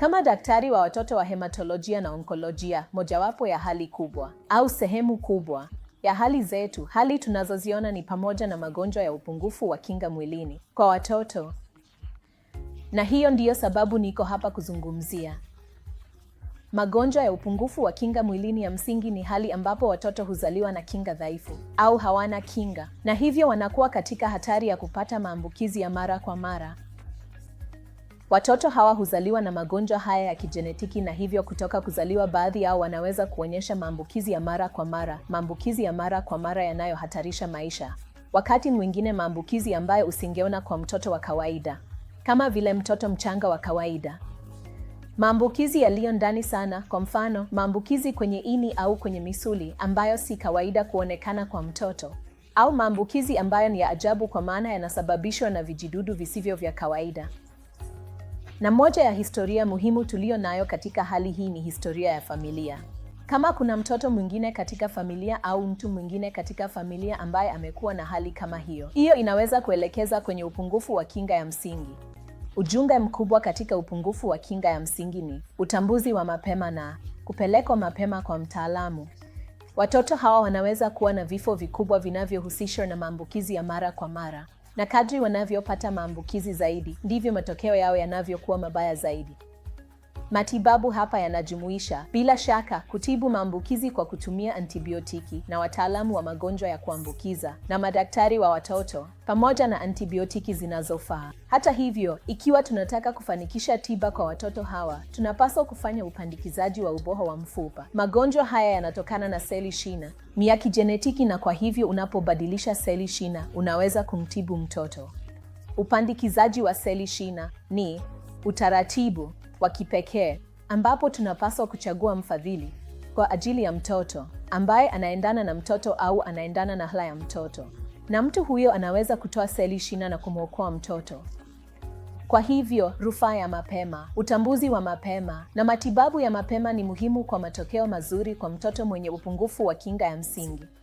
Kama daktari wa watoto wa hematolojia na onkolojia, mojawapo ya hali kubwa au sehemu kubwa ya hali zetu, hali tunazoziona ni pamoja na magonjwa ya upungufu wa kinga mwilini kwa watoto, na hiyo ndiyo sababu niko hapa kuzungumzia magonjwa ya upungufu wa kinga mwilini. Ya msingi ni hali ambapo watoto huzaliwa na kinga dhaifu au hawana kinga, na hivyo wanakuwa katika hatari ya kupata maambukizi ya mara kwa mara. Watoto hawa huzaliwa na magonjwa haya ya kijenetiki na hivyo kutoka kuzaliwa, baadhi yao wanaweza kuonyesha maambukizi ya mara kwa mara, maambukizi ya mara kwa mara yanayohatarisha maisha. Wakati mwingine maambukizi ambayo usingeona kwa mtoto wa kawaida, kama vile mtoto mchanga wa kawaida. Maambukizi yaliyo ndani sana, kwa mfano, maambukizi kwenye ini au kwenye misuli ambayo si kawaida kuonekana kwa mtoto, au maambukizi ambayo ni ya ajabu kwa maana yanasababishwa na vijidudu visivyo vya kawaida. Na moja ya historia muhimu tuliyo nayo katika hali hii ni historia ya familia. Kama kuna mtoto mwingine katika familia au mtu mwingine katika familia ambaye amekuwa na hali kama hiyo, hiyo inaweza kuelekeza kwenye upungufu wa kinga ya msingi. Ujunga mkubwa katika upungufu wa kinga ya msingi ni utambuzi wa mapema na kupelekwa mapema kwa mtaalamu. Watoto hawa wanaweza kuwa na vifo vikubwa vinavyohusishwa na maambukizi ya mara kwa mara na kadri wanavyopata maambukizi zaidi ndivyo matokeo yao yanavyokuwa mabaya zaidi. Matibabu hapa yanajumuisha bila shaka kutibu maambukizi kwa kutumia antibiotiki na wataalamu wa magonjwa ya kuambukiza na madaktari wa watoto pamoja na antibiotiki zinazofaa. Hata hivyo, ikiwa tunataka kufanikisha tiba kwa watoto hawa, tunapaswa kufanya upandikizaji wa uboho wa mfupa. Magonjwa haya yanatokana na seli shina, ni ya kijenetiki, na kwa hivyo unapobadilisha seli shina unaweza kumtibu mtoto. Upandikizaji wa seli shina ni utaratibu wa kipekee ambapo tunapaswa kuchagua mfadhili kwa ajili ya mtoto ambaye anaendana na mtoto au anaendana na hala ya mtoto, na mtu huyo anaweza kutoa seli shina na kumwokoa mtoto. Kwa hivyo, rufaa ya mapema, utambuzi wa mapema na matibabu ya mapema ni muhimu kwa matokeo mazuri kwa mtoto mwenye upungufu wa kinga ya msingi.